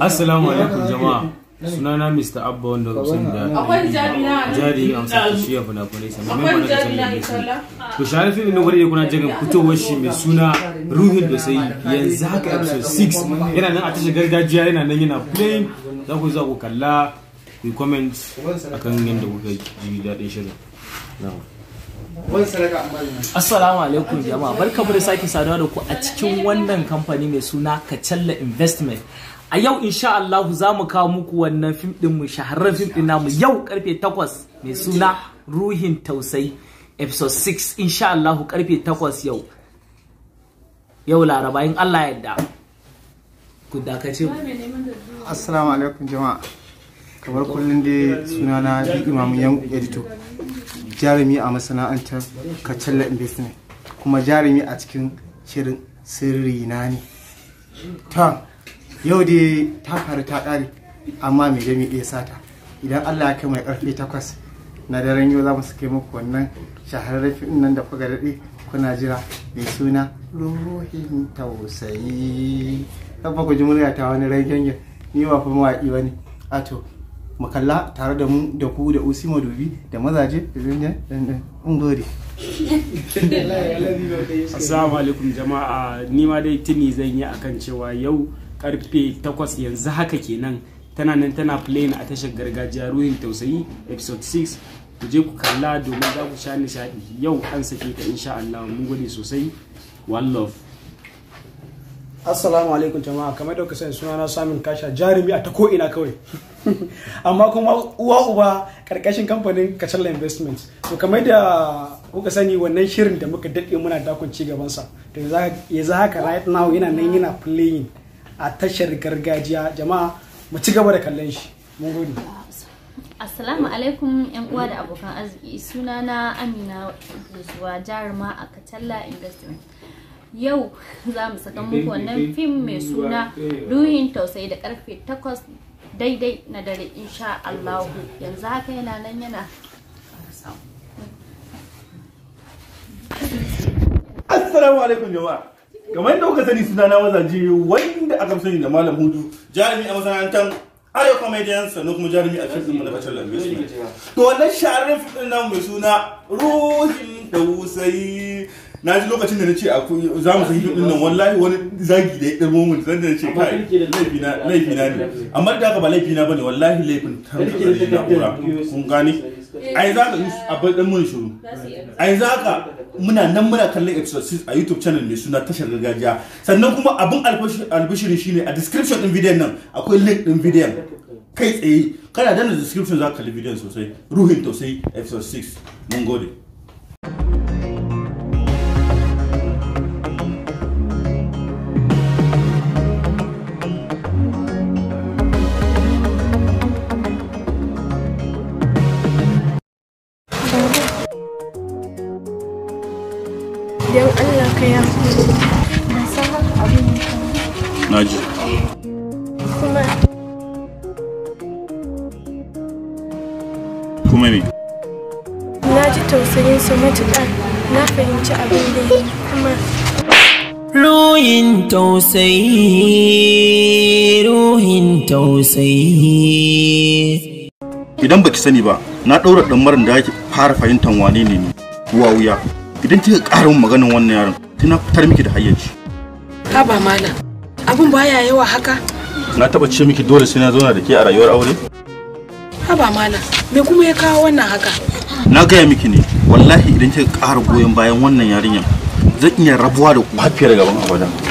Assalamu alaikum jama'a. Sunana Mr. Abba wanda Hussein da jari a ta ya fina-finai sami mai mana sami da nesa. To shahararren ne na wadda kuna jagan fitowar shi mai suna Ruhin da sai yanzu haka episode 6 yana nan a tashar gargajiya yana nan yana playing za ku za ku kalla ku comment akan yadda kuka ji daɗin shirin. Assalamu alaikum jama'a barka da sake saduwa da ku a cikin wannan kamfani mai suna Kacalla Investment a yau insha Allah za mu kawo muku wannan fim din mu shahararren fim din namu yau karfe 8 mai suna ruhin tausayi episode 6 insha Allah karfe 8 yau yau laraba in Allah ya yarda ku dakace mu assalamu alaikum jama'a kamar kullun dai suna na bi imamu yan edito jarumi a masana'antar kacalla investment kuma jarumi a cikin shirin sirri na ne ta yau dai ta faru ta ƙare amma mai dami ɗaya sata idan allah ya kai mai ƙarfe takwas na daren yau za mu suke muku wannan shahararren fim nan da kuka daɗe kuna jira mai suna ruhin tausayi ɗan ku ji murya ta wani rai gangan ni ba fi mawaƙi ba ne ato mu kalla tare da mu da ku da usi madubi da mazaje da zanjan ɗanɗan in gode assalamu alaikum jama'a ni ma dai tuni zan yi akan cewa yau karfe 8 yanzu haka kenan tana nan tana playing a tashar gargajiya ruhin tausayi episode 6 ku je ku kalla domin za ku sha nishadi yau an sake ta insha Allah mun gode sosai one love assalamu alaikum jama'a kamar da kuka sani suna na samun kasha jarumi a ta ko ina kawai amma kuma uwa uba karkashin kamfanin kachala investment to kamar da kuka sani wannan shirin da muka daɗe muna dakon ci gabansa to yanzu haka right now yana nan yana playing a tashar gargajiya jama'a mu ci gaba da kallon shi mun gode Assalamu alaikum yan uwa da abokan arziki suna na Amina Zuwa jaruma a Katalla Investment yau za mu saka muku wannan fim mai suna eh, ruhin tausayi da karfe 8 daidai na dare insha Allah yanzu haka yana nan yana Assalamu alaikum jama'a kamar yadda kuka sani suna na mazaje wanda aka sani da malam hudu jarumi a masana'antar ayo comedian sannan kuma jarumi a cikin na bacin lambe su to wannan shahararren fitin namu mai suna ruhin da wusayi na ji lokacin da na ce za mu sahi fitin nan wallahi wani zagi da ya ɗan momin zan da na ce kai laifina ne amma da haka ba laifina ba ne wallahi laifin tarzuka ne na kun gane a za ka a bai mun shuru a yanzu haka muna nan muna kallon episode 6 a youtube channel mai suna tashar gargajiya sannan kuma abin albishirin shine a description din bidiyon nan akwai link din bidiyon kai tsaye kana dana description za ka kalli bidiyon sosai ruhin tausayi episode 6 mun gode Idan Allah ka ya na san haka abin na ji kuma kuma me na ji tausayin su matuƙa na fahimci abin da kuma ruhin tausayi ruhin tausayi idan baki sani ba na ɗaura ɗamarin da ake fara fahimtar wane ne ni wuya idan kika ƙara mun maganin wannan yaron tana fitar miki da hayyaci ka ba mana abun baya yawa haka na taba ce miki dole sai na zauna da ke a rayuwar aure ha ba mana me kuma ya kawo wannan haka na gaya miki ne wallahi idan kika ƙara goyon bayan wannan yarinyar zan iya rabuwa da ku hafiyar gaban abada